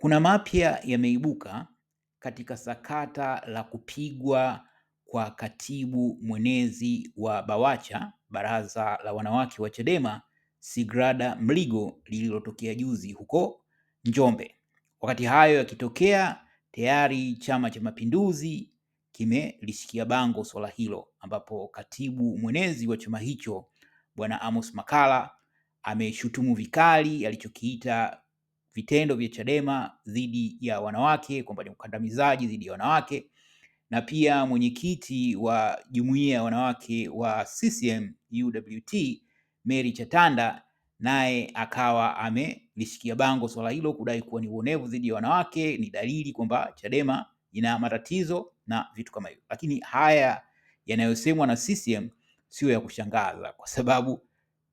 Kuna mapya yameibuka katika sakata la kupigwa kwa katibu mwenezi wa BAWACHA baraza la wanawake wa Chadema Sigrada Mligo lililotokea juzi huko Njombe. Wakati hayo yakitokea, tayari Chama cha Mapinduzi kimelishikia bango swala hilo, ambapo katibu mwenezi wa chama hicho Bwana Amos makala ameshutumu vikali alichokiita vitendo vya Chadema dhidi ya wanawake kwamba ni ukandamizaji dhidi ya wanawake, na pia mwenyekiti wa jumuiya ya wanawake wa CCM UWT Mary Chatanda naye akawa amelishikia bango swala hilo, kudai kuwa ni uonevu dhidi ya wanawake, ni dalili kwamba Chadema ina matatizo na vitu kama hivyo. Lakini haya yanayosemwa na CCM siyo ya kushangaza, kwa sababu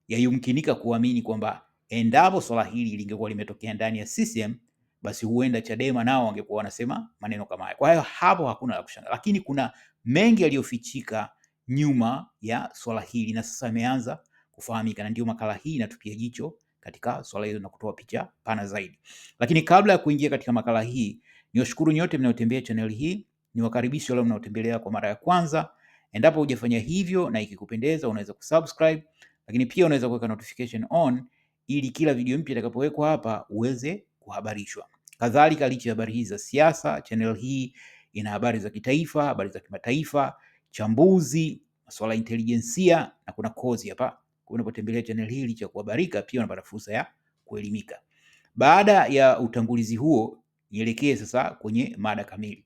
yayumkinika kuamini kwamba endapo swala hili lingekuwa limetokea ndani ya CCM, basi huenda Chadema nao wangekuwa wanasema maneno kama haya. Kwa hiyo hapo hakuna la kushangaa, lakini kuna mengi yaliyofichika nyuma ya swala hili na sasa yameanza kufahamika, na ndio makala hii inatupia jicho katika swala hilo na kutoa picha pana zaidi. Lakini kabla ya kuingia katika makala hii, niwashukuru nyote mnaotembea channel hii, niwakaribishe wale mnaotembelea kwa mara ya kwanza. Endapo hujafanya hivyo na ikikupendeza, unaweza kusubscribe, lakini pia unaweza kuweka notification on ili kila video mpya itakapowekwa hapa uweze kuhabarishwa. Kadhalika, licha ya habari hizi za siasa, channel hii ina habari za kitaifa, habari za kimataifa, chambuzi, masuala ya intelijensia na kuna kozi hapa. Unapotembelea channel hii, licha ya kuhabarika, pia unapata fursa ya kuelimika. Baada ya utangulizi huo, nielekee sasa kwenye mada kamili,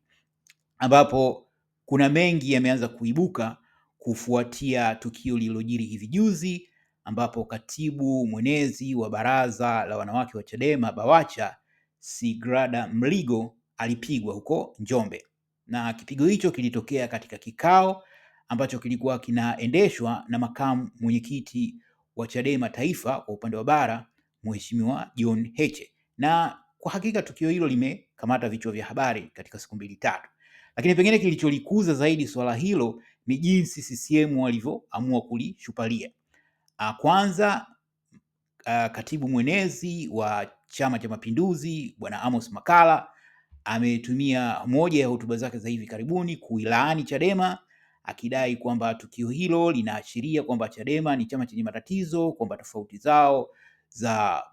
ambapo kuna mengi yameanza kuibuka kufuatia tukio lililojiri hivi juzi ambapo katibu mwenezi wa baraza la wanawake wa Chadema Bawacha Sigrada Mligo alipigwa huko Njombe, na kipigo hicho kilitokea katika kikao ambacho kilikuwa kinaendeshwa na makamu mwenyekiti wa Chadema Taifa kwa upande wa bara, Mheshimiwa John Heche, na kwa hakika tukio hilo limekamata vichwa vya habari katika siku mbili tatu, lakini pengine kilicholikuza zaidi swala hilo ni jinsi CCM walivyoamua kulishupalia Ah, kwanza ah, katibu mwenezi wa Chama cha Mapinduzi Bwana Amos makala ametumia moja ya hotuba zake za hivi karibuni kuilaani Chadema akidai kwamba tukio hilo linaashiria kwamba Chadema ni chama chenye matatizo, kwamba tofauti zao za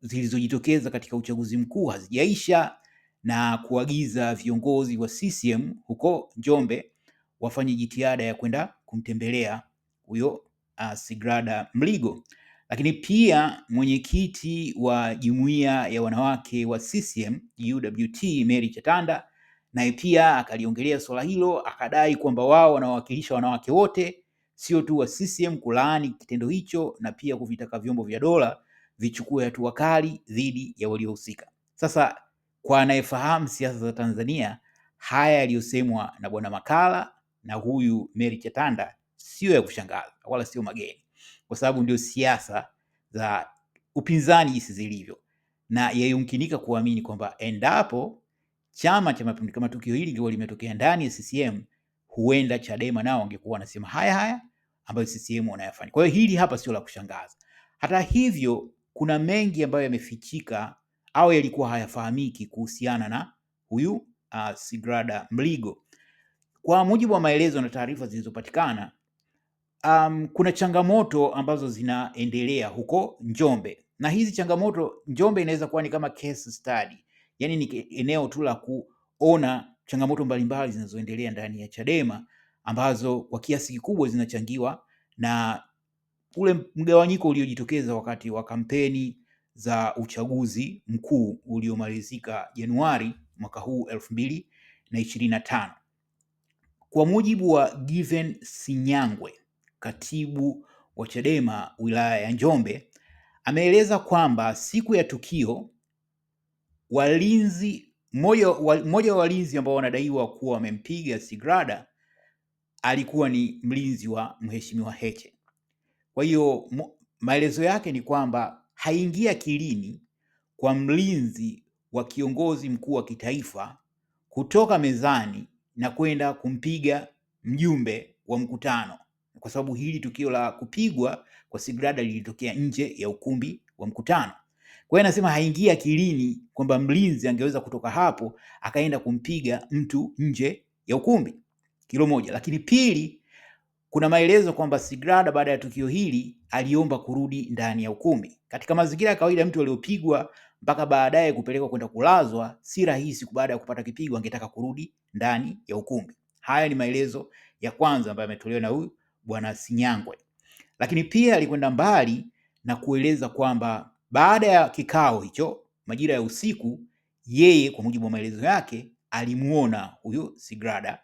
zilizojitokeza katika uchaguzi mkuu hazijaisha na kuagiza viongozi wa CCM huko Njombe wafanye jitihada ya kwenda kumtembelea huyo uh, Sigrada Mligo, lakini pia mwenyekiti wa jumuiya ya wanawake wa CCM UWT Mary Chatanda naye pia akaliongelea swala hilo, akadai kwamba wao wanawakilisha wanawake wote, sio tu wa CCM, kulaani kitendo hicho na pia kuvitaka vyombo vya dola vichukue hatua kali dhidi ya waliohusika. Sasa kwa anayefahamu siasa za Tanzania, haya yaliyosemwa na Bwana makala na huyu Mary Chatanda sio ya kushangaza wala sio mageni, kwa sababu ndio siasa za upinzani jinsi zilivyo, na yayumkinika kuamini kwamba endapo Chama cha Mapinduzi, kama tukio hili likiwa limetokea ndani ya CCM, huenda Chadema nao wangekuwa wanasema haya haya ambayo CCM wanayafanya. Kwa hiyo hili hapa sio la kushangaza. Hata hivyo, kuna mengi ambayo yamefichika au yalikuwa hayafahamiki kuhusiana na huyu uh, Sigrada Mligo. Kwa mujibu wa maelezo na taarifa zilizopatikana, um, kuna changamoto ambazo zinaendelea huko Njombe, na hizi changamoto Njombe inaweza kuwa ni kama case study, yaani ni eneo tu la kuona changamoto mbalimbali zinazoendelea ndani ya Chadema ambazo kwa kiasi kikubwa zinachangiwa na ule mgawanyiko uliojitokeza wakati wa kampeni za uchaguzi mkuu uliomalizika Januari mwaka huu elfu mbili na ishirini na tano. Kwa mujibu wa Given Sinyangwe katibu wa Chadema wilaya ya Njombe ameeleza kwamba siku ya tukio walinzi mmoja wa walinzi ambao wanadaiwa kuwa wamempiga Sigrada alikuwa ni mlinzi wa Mheshimiwa Heche. Kwa hiyo maelezo yake ni kwamba haingia akilini kwa mlinzi wa kiongozi mkuu wa kitaifa kutoka mezani na kwenda kumpiga mjumbe wa mkutano kwa sababu hili tukio la kupigwa kwa Sigrada lilitokea nje ya ukumbi wa mkutano. Kwa hiyo anasema haingia akilini kwamba mlinzi angeweza kutoka hapo akaenda kumpiga mtu nje ya ukumbi, kilo moja. Lakini pili, kuna maelezo kwamba Sigrada baada ya tukio hili aliomba kurudi ndani ya ukumbi. Katika mazingira ya kawaida, mtu aliyopigwa mpaka baadaye kupelekwa kwenda kulazwa si rahisi, baada ya kupata kipigo angetaka kurudi ndani ya ukumbi. Haya ni maelezo ya kwanza ambayo ametolewa na huyu Bwana Sinyangwe. Lakini pia alikwenda mbali na kueleza kwamba baada ya kikao hicho majira ya usiku, yeye kwa mujibu wa maelezo yake alimuona huyu Sigrada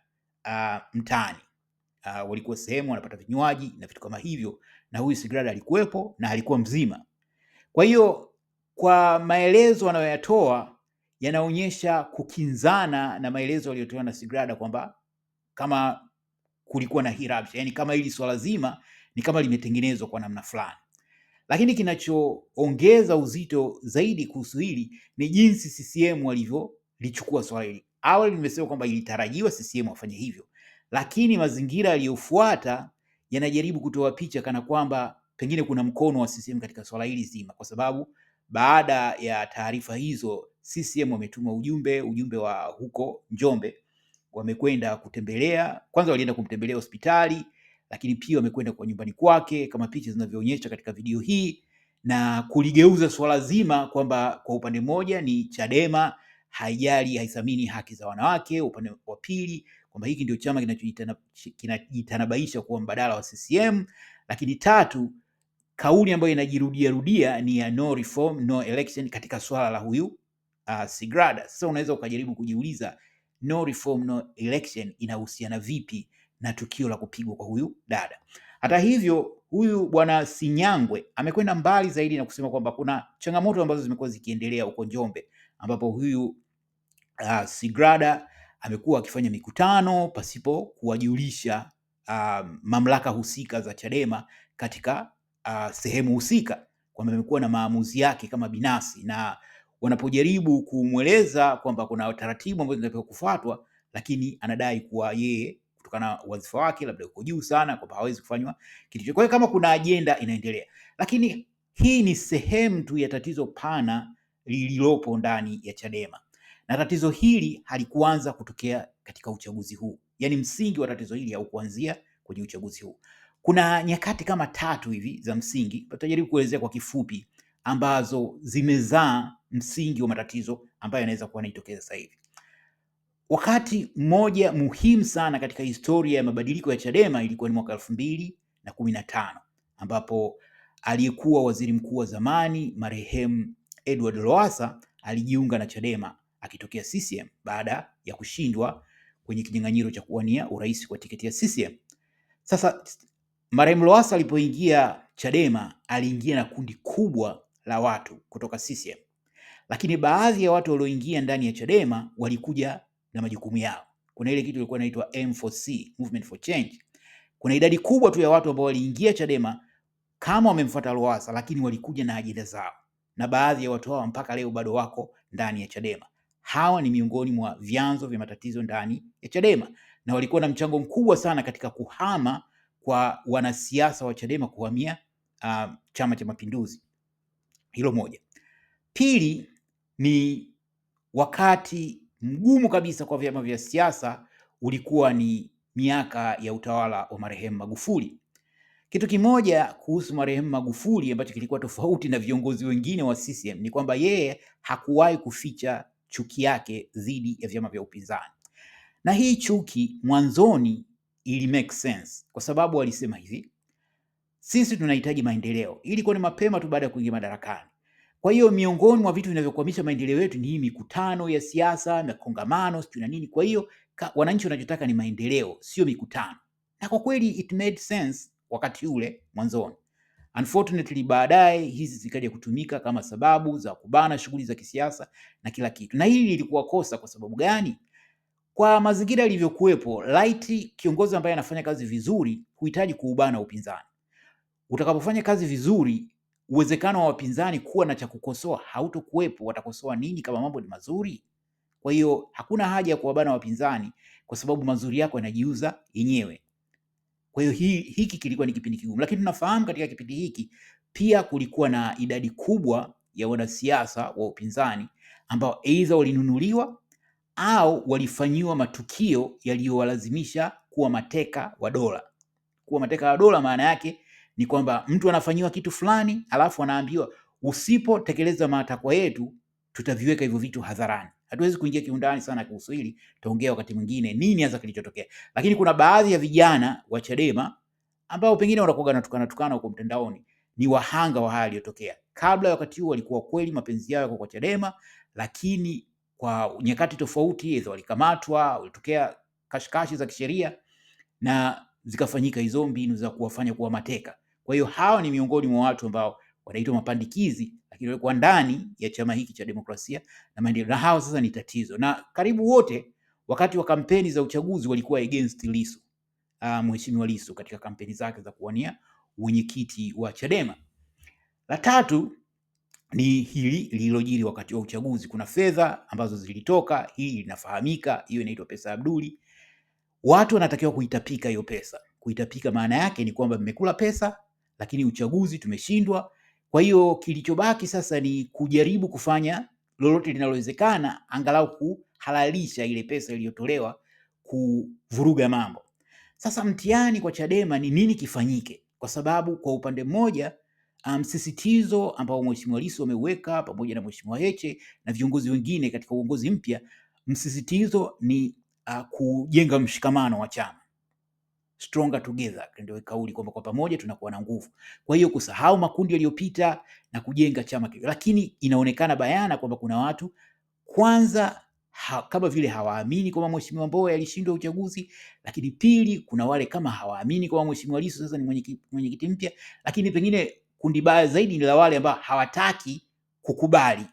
uh, mtaani uh, walikuwa sehemu wanapata vinywaji na vitu kama hivyo, na huyu Sigrada alikuwepo na alikuwa mzima. Kwa hiyo kwa maelezo anayoyatoa yanaonyesha kukinzana na maelezo aliyotoa na Sigrada kwamba kama kulikuwa na hii rapture, yani kama hili swala zima ni kama limetengenezwa kwa namna fulani. Lakini kinachoongeza uzito zaidi kuhusu hili ni jinsi CCM walivyolichukua swala hili. Awali nimesema kwamba ilitarajiwa CCM wafanye hivyo, lakini mazingira yaliyofuata yanajaribu kutoa picha kana kwamba pengine kuna mkono wa CCM katika swala hili zima, kwa sababu baada ya taarifa hizo CCM wametuma ujumbe ujumbe wa huko Njombe wamekwenda kutembelea, kwanza walienda kumtembelea hospitali, lakini pia wamekwenda kwa nyumbani kwake kama picha zinavyoonyesha katika video hii, na kuligeuza suala zima kwamba kwa upande mmoja ni Chadema haijali, haithamini haki za wanawake, upande wa pili kwamba hiki ndio chama kinajitanabaisha kuwa mbadala wa CCM, lakini tatu kauli ambayo inajirudia rudia ni ya no reform, no election katika swala la huyu uh, Sigrada. Sasa unaweza ukajaribu kujiuliza no reform no election inahusiana vipi na tukio la kupigwa kwa huyu dada? Hata hivyo, huyu bwana Sinyangwe amekwenda mbali zaidi na kusema kwamba kuna changamoto ambazo zimekuwa zikiendelea huko Njombe, ambapo huyu uh, Sigrada amekuwa akifanya mikutano pasipo kuwajulisha uh, mamlaka husika za Chadema katika uh, sehemu husika kwamba amekuwa na maamuzi yake kama binafsi na wanapojaribu kumweleza kwamba kuna taratibu ambazo zinatakiwa kufuatwa, lakini anadai kuwa yeye kutokana na wadhifa wake labda uko juu sana kwamba hawezi kufanywa kitu. Kwa hiyo kama kuna ajenda inaendelea, lakini hii ni sehemu tu ya tatizo pana lililopo ndani ya Chadema na tatizo hili halikuanza kutokea katika uchaguzi huu, yaani msingi wa tatizo hili haukuanzia kwenye uchaguzi huu. Kuna nyakati kama tatu hivi za msingi, tutajaribu kuelezea kwa kifupi ambazo zimezaa msingi wa matatizo ambayo yanaweza kuwa yanajitokeza sasa hivi. Wakati mmoja muhimu sana katika historia ya mabadiliko ya Chadema ilikuwa ni mwaka elfu mbili na kumi na tano ambapo aliyekuwa waziri mkuu wa zamani marehemu Edward Lowassa alijiunga na Chadema akitokea CCM baada ya kushindwa kwenye kinyang'anyiro cha kuwania urais kwa tiketi ya CCM. Sasa marehemu Lowassa alipoingia Chadema aliingia na kundi kubwa la watu kutoka CCM, lakini baadhi ya watu walioingia ndani ya Chadema walikuja na majukumu yao. Kuna ile kitu ilikuwa inaitwa M4C, Movement for Change. Kuna idadi kubwa tu ya watu ambao waliingia Chadema kama wamemfuata Lowassa, lakini walikuja na ajenda zao, na baadhi ya watu hao mpaka leo bado wako ndani ya Chadema. Hawa ni miongoni mwa vyanzo vya matatizo ndani ya Chadema na walikuwa na mchango mkubwa sana katika kuhama kwa wanasiasa wa Chadema kuhamia uh, Chama cha Mapinduzi. Hilo moja. Pili ni wakati mgumu kabisa kwa vyama vya siasa ulikuwa ni miaka ya utawala wa marehemu Magufuli. Kitu kimoja kuhusu marehemu Magufuli ambacho kilikuwa tofauti na viongozi wengine wa CCM ni kwamba yeye hakuwahi kuficha chuki yake dhidi ya vyama vya upinzani, na hii chuki mwanzoni ili make sense kwa sababu alisema hivi: sisi tunahitaji maendeleo. Ilikuwa ni mapema tu baada ya kuingia madarakani. Kwa hiyo miongoni mwa vitu vinavyokwamisha maendeleo yetu ni hii mikutano ya siasa na kongamano sio na nini. Kwa hiyo wananchi wanachotaka ni maendeleo, sio mikutano, na kwa kweli it made sense wakati ule mwanzoni. Unfortunately, baadaye hizi zikaja kutumika kama sababu za kubana shughuli za kisiasa na kila kitu, na hili lilikuwa kosa. Kwa sababu gani? Kwa mazingira yalivyokuwepo, light kiongozi ambaye anafanya kazi vizuri huhitaji kuubana upinzani utakapofanya kazi vizuri, uwezekano wa wapinzani kuwa na cha kukosoa hautokuwepo. Watakosoa nini kama mambo ni mazuri? Kwa hiyo hakuna haja ya kuwabana wapinzani, kwa sababu mazuri yako yanajiuza yenyewe. Kwa hiyo hi, hiki kilikuwa ni kipindi kigumu, lakini tunafahamu katika kipindi hiki pia kulikuwa na idadi kubwa ya wanasiasa wa upinzani ambao aidha walinunuliwa au walifanyiwa matukio yaliyowalazimisha kuwa mateka wa dola. Kuwa mateka wa dola maana yake ni kwamba mtu anafanyiwa kitu fulani, alafu anaambiwa usipotekeleza matakwa yetu tutaviweka hivyo vitu hadharani. Hatuwezi kuingia kiundani sana kuhusu hili, tutaongea wakati mwingine nini hasa kilichotokea. Lakini kuna baadhi ya vijana wa Chadema ambao pengine wanakuwa wanatukana tukana huko mtandaoni ni wahanga wa haya yaliyotokea. Kabla wakati huo walikuwa kweli mapenzi yao yako kwa Chadema, lakini kwa nyakati tofauti hizo walikamatwa, walitokea kashikashi za kisheria na zikafanyika hizo mbinu za kuwafanya kuwa mateka. Kwa hiyo hawa ni miongoni mwa watu ambao wanaitwa mapandikizi, lakini walikuwa ndani ya chama hiki cha demokrasia na maendeleo, na hawa sasa ni tatizo, na karibu wote wakati wa kampeni za uchaguzi walikuwa against Lissu, uh, mheshimiwa Lissu katika kampeni zake za kuwania wenyekiti wa Chadema. La tatu ni hili lililojiri wakati wa uchaguzi. Kuna fedha ambazo zilitoka, hii linafahamika, hiyo inaitwa pesa Abduli. Watu wanatakiwa kuitapika hiyo pesa. Kuitapika maana yake ni kwamba mmekula pesa lakini uchaguzi tumeshindwa. Kwa hiyo kilichobaki sasa ni kujaribu kufanya lolote linalowezekana angalau kuhalalisha ile pesa iliyotolewa kuvuruga mambo. Sasa mtihani kwa Chadema ni nini kifanyike, kwa sababu kwa upande mmoja msisitizo um, ambao Mheshimiwa Lissu ameuweka pamoja na Mheshimiwa Heche na viongozi wengine katika uongozi mpya, msisitizo ni uh, kujenga mshikamano wa chama stronger together, ndio kauli kwamba kwa pamoja tunakuwa na nguvu. Kwa hiyo kusahau makundi yaliyopita na kujenga chama kile, lakini inaonekana bayana kwamba kuna watu kwanza ha, kama vile hawaamini kwamba Mheshimiwa Mbowe alishindwa uchaguzi, lakini pili, kuna wale kama hawaamini kwamba Mheshimiwa Lissu sasa ni mwenyekiti mpya, lakini pengine kundi baya zaidi ni la wale ambao hawataki kukubali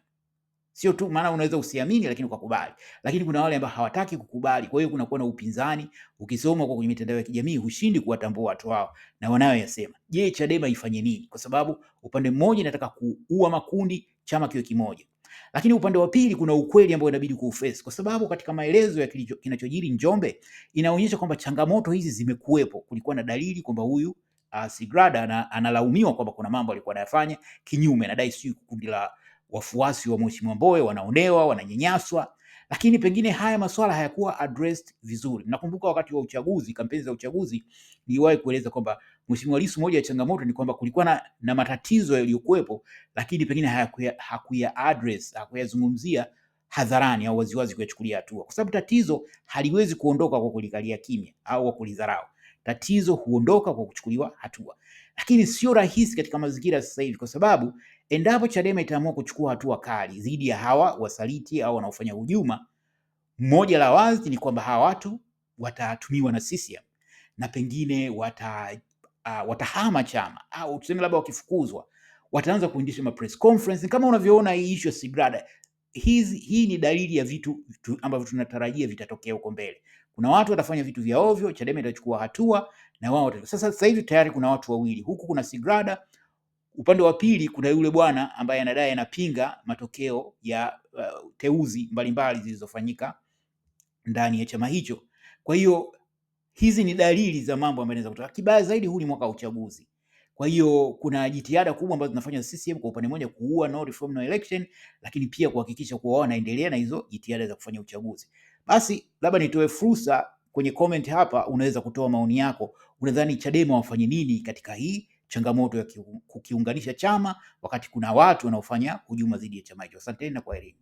Sio tu maana unaweza usiamini, lakini ukakubali. Lakini kuna wale ambao hawataki kukubali, kwa hiyo kunakuwa na upinzani. Ukisoma kwa kwenye mitandao ya kijamii hushindi kuwatambua watu wao na wanayoyasema. Je, Chadema ifanye nini? Kwa sababu upande mmoja inataka kuua makundi, chama kiwe kimoja, lakini upande wa pili kuna ukweli ambao inabidi kuufesi, kwa sababu katika maelezo ya kinachojiri Njombe inaonyesha kwamba changamoto hizi zimekuwepo. Kulikuwa na dalili kwamba huyu uh, Sigrada analaumiwa kwamba kuna mambo alikuwa anayafanya kinyume, na dai, sio kundi la wafuasi wa Mheshimiwa Mbowe wanaonewa, wananyanyaswa, lakini pengine haya masuala hayakuwa addressed vizuri. Nakumbuka wakati wa uchaguzi, kampeni za uchaguzi, niliwahi kueleza kwamba Mheshimiwa Lissu, moja ya changamoto ni kwamba kulikuwa na, na matatizo yaliyokuwepo, lakini pengine hakuya, hakuya address, hakuyazungumzia hadharani au waziwazi kuyachukulia hatua, kwa sababu tatizo haliwezi kuondoka kwa kulikalia kimya au kwa kulidharau. Tatizo huondoka kwa kuchukuliwa hatua lakini sio rahisi katika mazingira sasa hivi, kwa sababu endapo Chadema itaamua kuchukua hatua kali dhidi ya hawa wasaliti au wanaofanya hujuma, moja la wazi ni kwamba hawa watu watatumiwa na CCM na pengine wata, uh, watahama chama au tuseme labda wakifukuzwa wataanza kuendesha ma press conference kama unavyoona hii issue ya Sigrada. Hizi, hii ni dalili ya vitu, vitu ambavyo tunatarajia vitatokea huko mbele. Kuna watu watafanya vitu vya ovyo, Chadema itachukua hatua na wao watatu. Sasa sasa hivi tayari kuna watu wawili, huku kuna Sigrada, upande wa pili kuna yule bwana ambaye anadai anapinga matokeo ya uh, teuzi mbalimbali zilizofanyika ndani ya chama hicho. Kwa hiyo hizi ni dalili za mambo ambayo yanaweza kutokea. Kibaya zaidi, huu ni mwaka wa uchaguzi. Kwa hiyo kuna jitihada kubwa ambazo zinafanywa CCM kwa upande mmoja kuua no reform no election, lakini pia kuhakikisha kuwa wanaendelea na hizo jitihada za kufanya uchaguzi. Basi labda nitoe fursa kwenye comment hapa unaweza kutoa maoni yako. Unadhani Chadema wafanye nini katika hii changamoto ya kukiunganisha chama wakati kuna watu wanaofanya hujuma dhidi ya chama hicho? Asanteni na kwaheri.